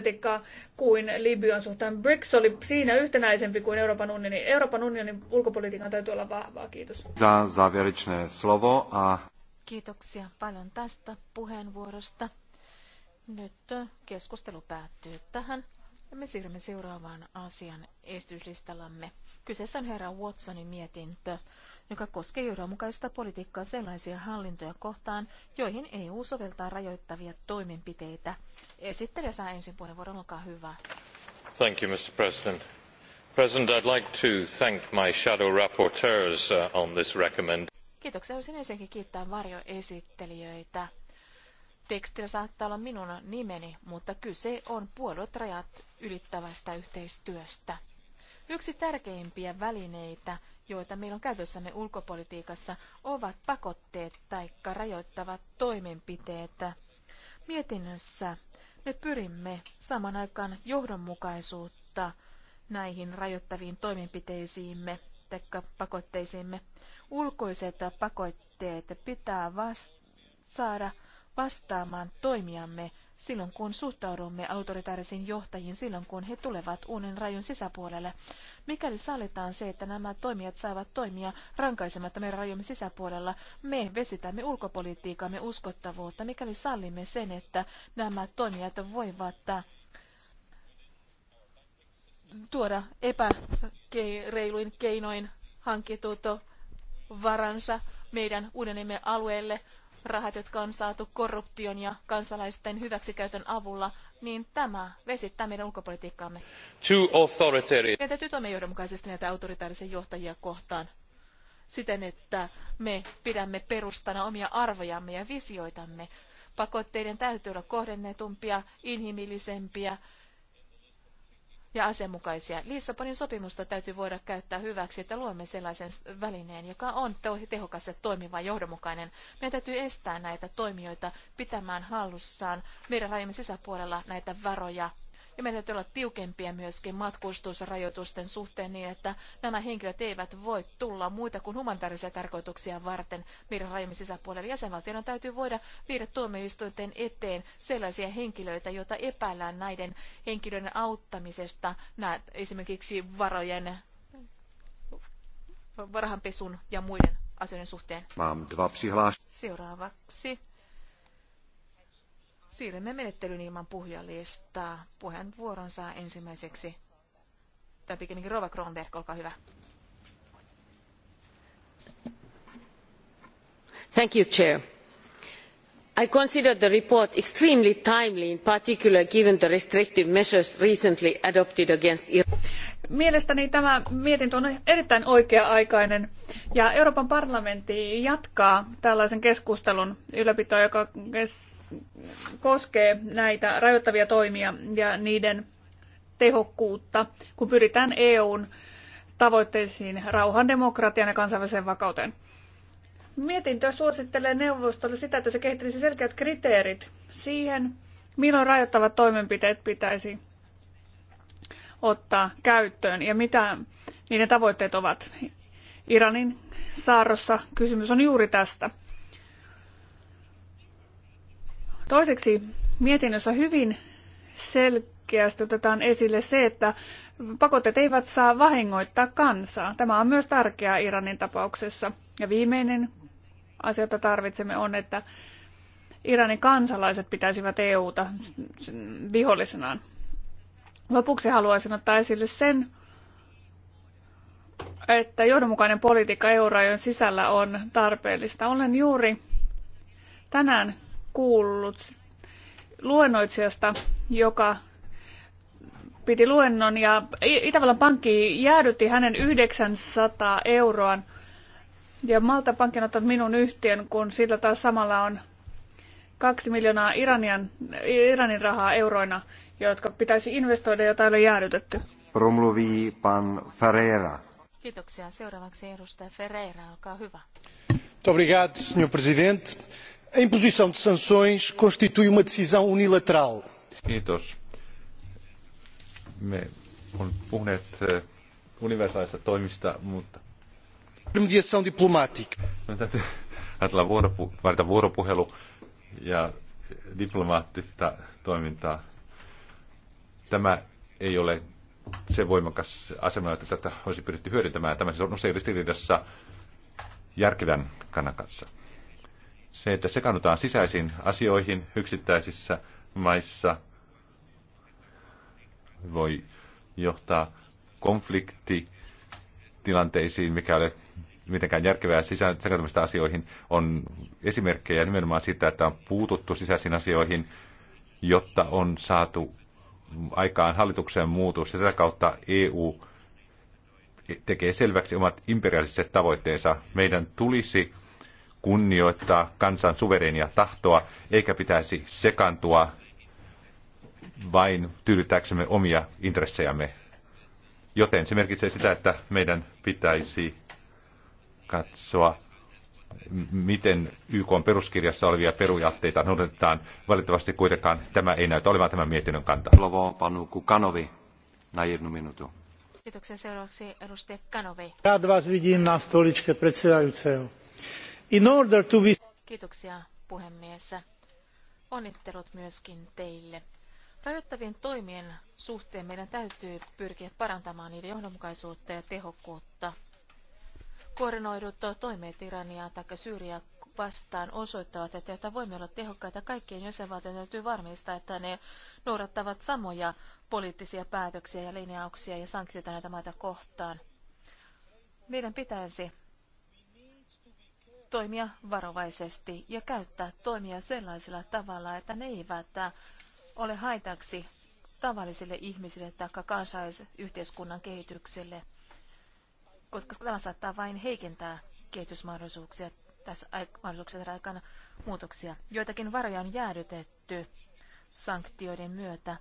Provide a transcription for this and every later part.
ulkopolitiikkaa kuin Libyan suhteen. BRICS oli siinä yhtenäisempi kuin Euroopan unioni. Euroopan unionin ulkopolitiikan täytyy olla vahvaa. Kiitos. Za slovo a... Kiitoksia paljon tästä puheenvuorosta. Nyt keskustelu päättyy tähän ja me siirrymme seuraavaan asian esityslistallamme. Kyseessä on herra Watsonin mietintö, joka koskee johdonmukaista politiikkaa sellaisia hallintoja kohtaan, joihin EU soveltaa rajoittavia toimenpiteitä – Esittelijä saa ensin puheenvuoron, olkaa hyvä. Thank you, Mr. President. President, I'd like to thank my shadow rapporteurs uh, on this recommend. Kiitoksia. Haluaisin ensinnäkin kiittää varjoesittelijöitä. Tekstillä saattaa olla minun nimeni, mutta kyse on puolueet rajat ylittävästä yhteistyöstä. Yksi tärkeimpiä välineitä, joita meillä on käytössämme ulkopolitiikassa, ovat pakotteet tai rajoittavat toimenpiteet. Mietinnössä me pyrimme saman aikaan johdonmukaisuutta näihin rajoittaviin toimenpiteisiimme tai pakotteisiimme. Ulkoiset pakotteet pitää vast- saada vastaamaan toimiamme silloin, kun suhtaudumme autoritaarisiin johtajiin silloin, kun he tulevat uuden rajun sisäpuolelle. Mikäli sallitaan se, että nämä toimijat saavat toimia rankaisematta meidän rajumme sisäpuolella, me vesitämme ulkopolitiikamme uskottavuutta, mikäli sallimme sen, että nämä toimijat voivat äh, tuoda epäreiluin keinoin hankitut varansa meidän uudenemme alueelle, rahat, jotka on saatu korruption ja kansalaisten hyväksikäytön avulla, niin tämä vesittää meidän ulkopolitiikkaamme. Too authoritarian. Meidän täytyy toimia johdonmukaisesti näitä autoritaarisia johtajia kohtaan siten, että me pidämme perustana omia arvojamme ja visioitamme. Pakotteiden täytyy olla kohdennetumpia, inhimillisempiä ja asianmukaisia. Lissabonin sopimusta täytyy voida käyttää hyväksi, että luomme sellaisen välineen, joka on tehokas ja toimiva ja johdonmukainen. Meidän täytyy estää näitä toimijoita pitämään hallussaan meidän rajamme sisäpuolella näitä varoja ja meidän täytyy olla tiukempia myöskin matkustusrajoitusten suhteen niin, että nämä henkilöt eivät voi tulla muita kuin humanitaarisia tarkoituksia varten meidän rajamme sisäpuolelle. Jäsenvaltioiden täytyy voida viedä tuomioistuinten eteen sellaisia henkilöitä, joita epäillään näiden henkilöiden auttamisesta, nämä esimerkiksi varojen rahanpesun ja muiden asioiden suhteen. Seuraavaksi Siirrymme menettelyyn ilman puhujalistaa. Puheenvuoron saa ensimmäiseksi. Tai pikemminkin Rova Kronberg, olkaa hyvä. Thank you, Chair. I consider the report extremely timely, in particular given the restrictive measures recently adopted against Iran mielestäni tämä mietintö on erittäin oikea-aikainen ja Euroopan parlamentti jatkaa tällaisen keskustelun ylläpitoa, joka koskee näitä rajoittavia toimia ja niiden tehokkuutta, kun pyritään EUn tavoitteisiin rauhan, demokratian ja kansainväliseen vakauteen. Mietintö suosittelee neuvostolle sitä, että se kehittelisi selkeät kriteerit siihen, milloin rajoittavat toimenpiteet pitäisi ottaa käyttöön ja mitä niiden tavoitteet ovat. Iranin saarrossa kysymys on juuri tästä. Toiseksi mietinnössä hyvin selkeästi otetaan esille se, että pakotteet eivät saa vahingoittaa kansaa. Tämä on myös tärkeää Iranin tapauksessa. Ja viimeinen asia, jota tarvitsemme, on, että Iranin kansalaiset pitäisivät EUta vihollisenaan. Lopuksi haluaisin ottaa esille sen, että johdonmukainen politiikka euroajon sisällä on tarpeellista. Olen juuri tänään kuullut luennoitsijasta, joka piti luennon ja Itävallan pankki jäädytti hänen 900 euroaan. Ja Malta pankki on ottanut minun yhtiön, kun sillä taas samalla on kaksi miljoonaa Iranian, Iranin rahaa euroina, jotka pitäisi investoida, jota ei ole jäädytetty. Promluvi pan Ferreira. Kiitoksia. Seuraavaksi edustaja Ferreira, olkaa hyvä. Obrigado, senhor presidente. A imposição de sanções constitui uma decisão unilateral. Kiitos. Me on puhuneet eh, universaalista toimista, mutta... Mediação diplomática. No vuoropu- vuoropuhelu ja diplomaattista toimintaa. Tämä ei ole se voimakas asema, että tätä olisi pyritty hyödyntämään. Tämä siis on usein ristiriidassa järkevän kannan kanssa. Se, että sekannutaan sisäisiin asioihin yksittäisissä maissa, voi johtaa konfliktitilanteisiin, mikä ei ole mitenkään järkevää sisään asioihin, on esimerkkejä nimenomaan siitä, että on puututtu sisäisiin asioihin, jotta on saatu aikaan hallituksen muutos. Ja tätä kautta EU tekee selväksi omat imperialistiset tavoitteensa. Meidän tulisi kunnioittaa kansan suvereenia tahtoa, eikä pitäisi sekantua vain tyydyttääksemme omia intressejämme. Joten se merkitsee sitä, että meidän pitäisi katsoa, miten YK on peruskirjassa olevia perujatteita noudatetaan. Valitettavasti kuitenkaan tämä ei näytä olevan tämän mietinnön kanta. Panu Kiitoksia seuraavaksi edustaja Kanovi. Rád vás vidím na stoličke predsedajúceho. In Kiitoksia puhemies. Onnittelut myöskin teille. Rajoittavien toimien suhteen meidän täytyy pyrkiä parantamaan niiden johdonmukaisuutta ja tehokkuutta. Koordinoidut toimet Irania tai Syyriä vastaan osoittavat, että jotta voimme olla tehokkaita, kaikkien jäsenvaltioiden täytyy varmistaa, että ne noudattavat samoja poliittisia päätöksiä ja linjauksia ja sanktioita näitä maita kohtaan. Meidän pitäisi toimia varovaisesti ja käyttää toimia sellaisella tavalla, että ne eivät äh, ole haitaksi tavallisille ihmisille tai kansalaisyhteiskunnan kehitykselle, koska tämä saattaa vain heikentää kehitysmahdollisuuksia tässä mahdollisuuksia aikana muutoksia. Joitakin varoja on jäädytetty sanktioiden myötä,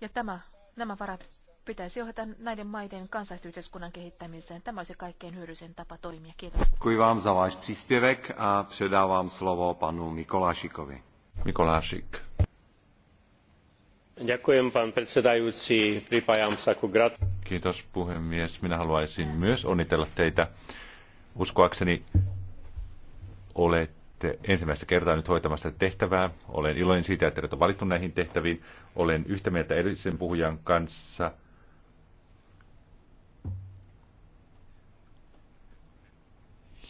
ja tämä, nämä varat pitäisi ohjata näiden maiden kansalaisyhteiskunnan kehittämiseen. Tämä olisi kaikkein hyödyllisen tapa toimia. Kiitos. Kui vám za váš příspěvek a předávám slovo panu Mikolášikovi. Mikolášik. Ďakujem, pán predsedajúci. Pripájam sa ku grat... Kiitos puhemies. Minä haluaisin myös onnitella teitä. Uskoakseni olette ensimmäistä kertaa nyt hoitamassa tehtävää. Olen iloinen siitä, että teidät on valittu näihin tehtäviin. Olen yhtä mieltä edellisen puhujan kanssa –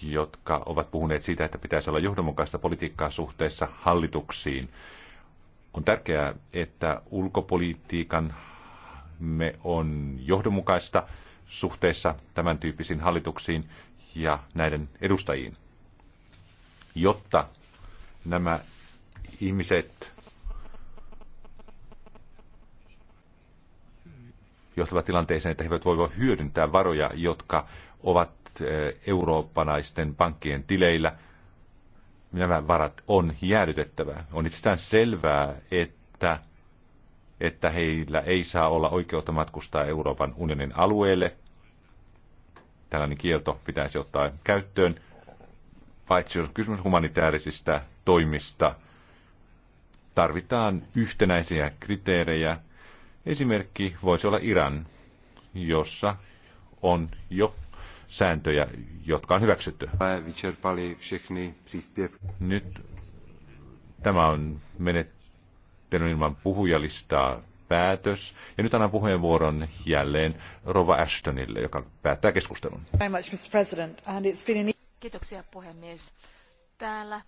jotka ovat puhuneet siitä, että pitäisi olla johdonmukaista politiikkaa suhteessa hallituksiin. On tärkeää, että ulkopolitiikan me on johdonmukaista suhteessa tämän tyyppisiin hallituksiin ja näiden edustajiin, jotta nämä ihmiset johtavat tilanteeseen, että he voivat hyödyntää varoja, jotka ovat Eh, eurooppanaisten pankkien tileillä. Nämä varat on jäädytettävä. On itsestään selvää, että, että heillä ei saa olla oikeutta matkustaa Euroopan unionin alueelle. Tällainen kielto pitäisi ottaa käyttöön, paitsi jos kysymys humanitaarisista toimista. Tarvitaan yhtenäisiä kriteerejä. Esimerkki voisi olla Iran, jossa on jo sääntöjä, jotka on hyväksytty. Nyt tämä on menettänyt ilman puhujalistaa päätös. Ja nyt annan puheenvuoron jälleen Rova Ashtonille, joka päättää keskustelun. E- Kiitoksia puhemies. Täällä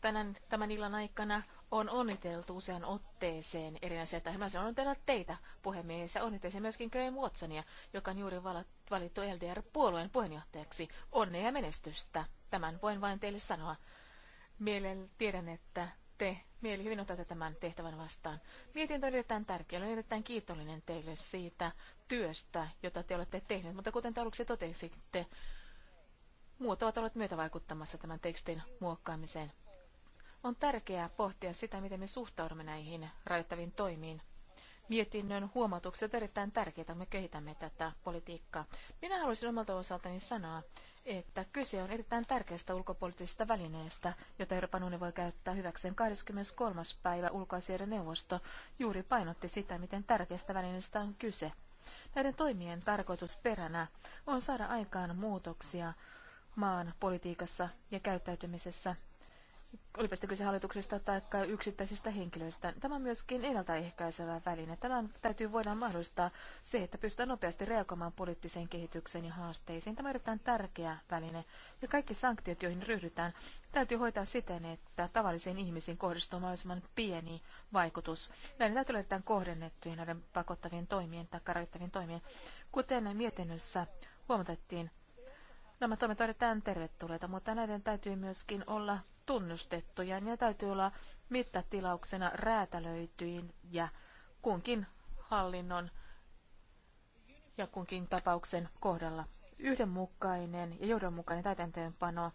tänään, tämän illan aikana on onniteltu usean otteeseen erinäisiä tahoja. on onnitella teitä, puhemies, ja onnittelen myöskin Graham Watsonia, joka on juuri valittu LDR-puolueen puheenjohtajaksi. Onnea ja menestystä. Tämän voin vain teille sanoa. Mielen tiedän, että te mieli hyvin otatte tämän tehtävän vastaan. Mietin on erittäin tärkeä. Olen erittäin kiitollinen teille siitä työstä, jota te olette tehneet. Mutta kuten te aluksi totesitte, muut ovat olleet myötävaikuttamassa tämän tekstin muokkaamiseen. On tärkeää pohtia sitä, miten me suhtaudumme näihin rajoittaviin toimiin. Mietinnön huomautukset ovat erittäin tärkeitä, kun me kehitämme tätä politiikkaa. Minä haluaisin omalta osaltani sanoa, että kyse on erittäin tärkeästä ulkopoliittisesta välineestä, jota Euroopan unioni voi käyttää hyväkseen. 23. päivä ulkoasioiden neuvosto juuri painotti sitä, miten tärkeästä välineestä on kyse. Näiden toimien tarkoitusperänä on saada aikaan muutoksia maan politiikassa ja käyttäytymisessä olipa sitten kyse hallituksesta tai yksittäisistä henkilöistä. Tämä on myöskin ennaltaehkäisevä väline. Tämän täytyy voida mahdollistaa se, että pystytään nopeasti reagoimaan poliittiseen kehitykseen ja haasteisiin. Tämä on erittäin tärkeä väline. Ja kaikki sanktiot, joihin ryhdytään, täytyy hoitaa siten, että tavallisiin ihmisiin kohdistuu mahdollisimman pieni vaikutus. Näin täytyy olla erittäin kohdennettuja näiden pakottavien toimien tai rajoittavien toimien. Kuten mietinnössä huomatettiin, Nämä toimet ovat erittäin tervetulleita, mutta näiden täytyy myöskin olla tunnustettuja. Ne täytyy olla mittatilauksena räätälöityin ja kunkin hallinnon ja kunkin tapauksen kohdalla. Yhdenmukainen ja johdonmukainen täytäntöönpano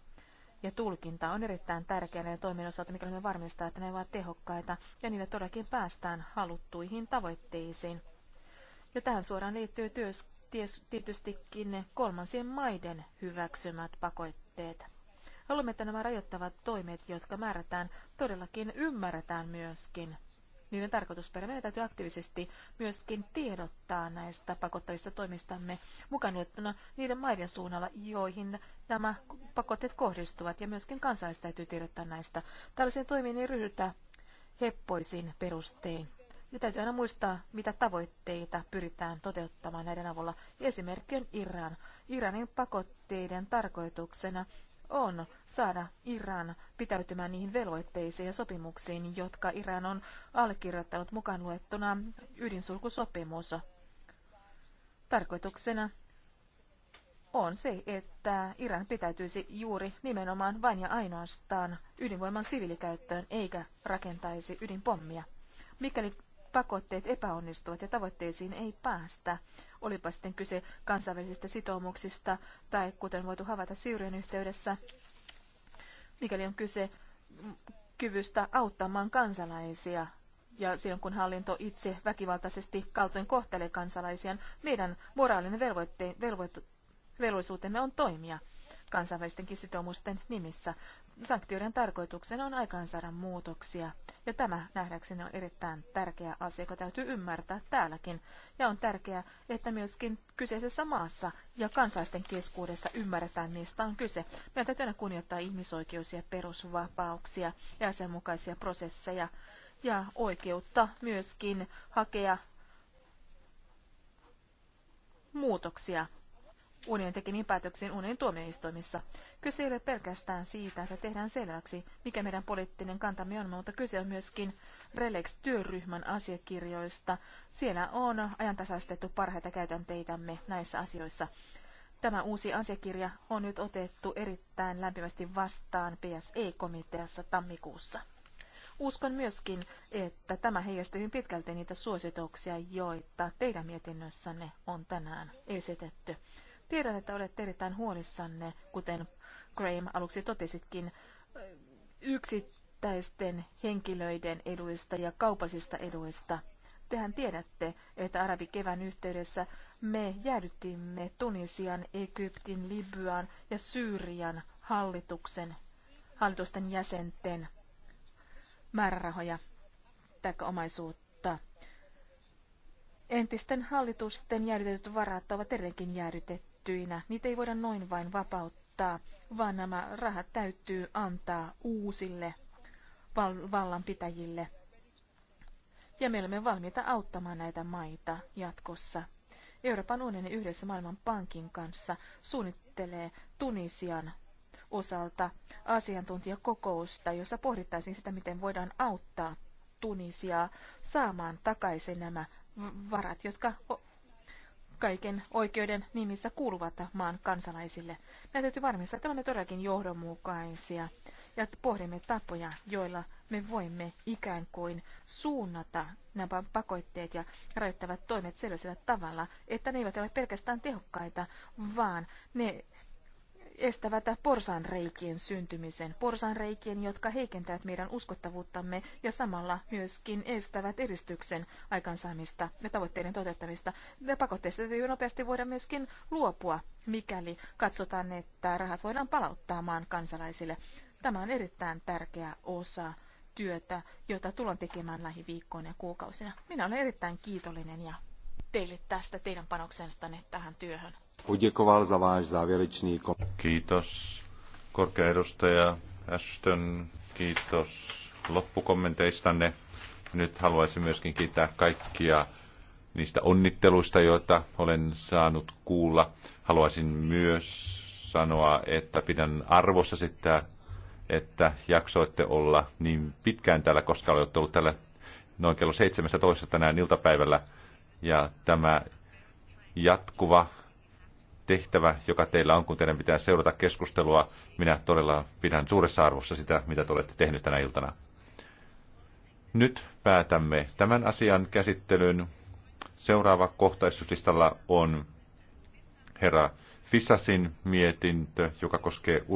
ja tulkinta on erittäin tärkeää ja toimien osalta, mikäli me varmistaa, että ne ovat tehokkaita ja niillä todellakin päästään haluttuihin tavoitteisiin. Ja tähän suoraan liittyy työs, ties, tietystikin kolmansien maiden hyväksymät pakotteet. Haluamme, että nämä rajoittavat toimet, jotka määrätään, todellakin ymmärretään myöskin. Niiden tarkoitusperä meidän täytyy aktiivisesti myöskin tiedottaa näistä pakottavista toimistamme mukaan luettuna niiden maiden suunnalla, joihin nämä pakotteet kohdistuvat, ja myöskin kansalaiset täytyy tiedottaa näistä. Tällaisiin toimiin ei ryhdytä heppoisin perustein. Ja täytyy aina muistaa, mitä tavoitteita pyritään toteuttamaan näiden avulla. Esimerkki on Iran. Iranin pakotteiden tarkoituksena on saada Iran pitäytymään niihin velvoitteisiin ja sopimuksiin, jotka Iran on allekirjoittanut mukaan luettuna ydinsulkusopimus. Tarkoituksena on se, että Iran pitäytyisi juuri nimenomaan vain ja ainoastaan ydinvoiman siviilikäyttöön eikä rakentaisi ydinpommia. Mikäli pakotteet epäonnistuvat ja tavoitteisiin ei päästä. Olipa sitten kyse kansainvälisistä sitoumuksista tai, kuten voitu havaita Syyrian yhteydessä, mikäli on kyse kyvystä auttamaan kansalaisia ja silloin kun hallinto itse väkivaltaisesti kaltoin kohtelee kansalaisiaan, meidän moraalinen velvoitte, velvoit, velvollisuutemme on toimia kansainvälistenkin sitoumusten nimissä sanktioiden tarkoituksena on aikaansaada muutoksia. Ja tämä nähdäkseni on erittäin tärkeä asia, joka täytyy ymmärtää täälläkin. Ja on tärkeää, että myöskin kyseisessä maassa ja kansalaisten keskuudessa ymmärretään, mistä on kyse. Meidän täytyy aina kunnioittaa ihmisoikeuksia, perusvapauksia, jäsenmukaisia prosesseja ja oikeutta myöskin hakea muutoksia unionin tekemiin päätöksiin unionin tuomioistuimissa. Kyse ei ole pelkästään siitä, että tehdään selväksi, mikä meidän poliittinen kantamme on, mutta kyse on myöskin Relex-työryhmän asiakirjoista. Siellä on ajantasaistettu parhaita käytänteitämme näissä asioissa. Tämä uusi asiakirja on nyt otettu erittäin lämpimästi vastaan PSE-komiteassa tammikuussa. Uskon myöskin, että tämä heijastaa hyvin pitkälti niitä suosituksia, joita teidän mietinnössänne on tänään esitetty. Tiedän, että olette erittäin huolissanne, kuten Graham aluksi totesitkin, yksittäisten henkilöiden eduista ja kaupallisista eduista. Tehän tiedätte, että arabikevään yhteydessä me jäädyttimme Tunisian, Egyptin, Libyan ja Syyrian hallituksen, hallitusten jäsenten määrärahoja tai omaisuutta. Entisten hallitusten jäädytetyt varat ovat edelleenkin jäädytetty käytettyinä. Niitä ei voida noin vain vapauttaa, vaan nämä rahat täytyy antaa uusille val- vallanpitäjille. Ja me olemme valmiita auttamaan näitä maita jatkossa. Euroopan unioni yhdessä Maailman pankin kanssa suunnittelee Tunisian osalta asiantuntijakokousta, jossa pohdittaisiin sitä, miten voidaan auttaa Tunisiaa saamaan takaisin nämä varat, jotka kaiken oikeuden nimissä kuuluvat maan kansalaisille. Meidän täytyy varmistaa, että olemme todellakin johdonmukaisia ja pohdimme tapoja, joilla me voimme ikään kuin suunnata nämä pakotteet ja rajoittavat toimet sellaisella tavalla, että ne eivät ole pelkästään tehokkaita, vaan ne estävät porsanreikien syntymisen, porsanreikien, jotka heikentävät meidän uskottavuuttamme ja samalla myöskin estävät eristyksen aikansaamista ja tavoitteiden toteuttamista. Ja pakotteista täytyy nopeasti voida myöskin luopua, mikäli katsotaan, että rahat voidaan palauttaa maan kansalaisille. Tämä on erittäin tärkeä osa työtä, jota tulen tekemään lähiviikkoina ja kuukausina. Minä olen erittäin kiitollinen ja teille tästä teidän panoksestanne tähän työhön poděkoval za váš závěrečný komentář. Kiitos korkea edustaja Ashton, kiitos loppukommenteistanne. Nyt haluaisin myöskin kiittää kaikkia niistä onnitteluista, joita olen saanut kuulla. Haluaisin myös sanoa, että pidän arvossa sitä, että jaksoitte olla niin pitkään täällä, koska olette ollut täällä noin kello 17 tänään iltapäivällä. Ja tämä jatkuva tehtävä, joka teillä on, kun teidän pitää seurata keskustelua. Minä todella pidän suuressa arvossa sitä, mitä te olette tehnyt tänä iltana. Nyt päätämme tämän asian käsittelyn. Seuraava kohtaistuslistalla on herra Fissasin mietintö, joka koskee urheilua.